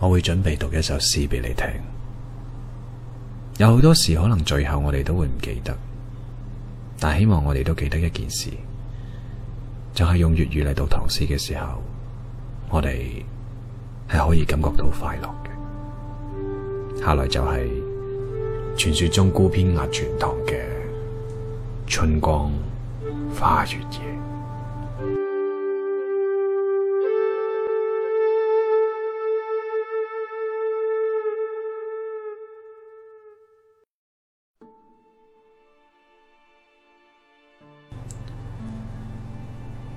我會準備讀一首詩俾你聽，有好多事可能最後我哋都會唔記得，但希望我哋都記得一件事，就係用粵語嚟讀唐詩嘅時候，我哋係可以感覺到快樂嘅。下來就係傳說中孤篇壓全唐嘅春江花月夜。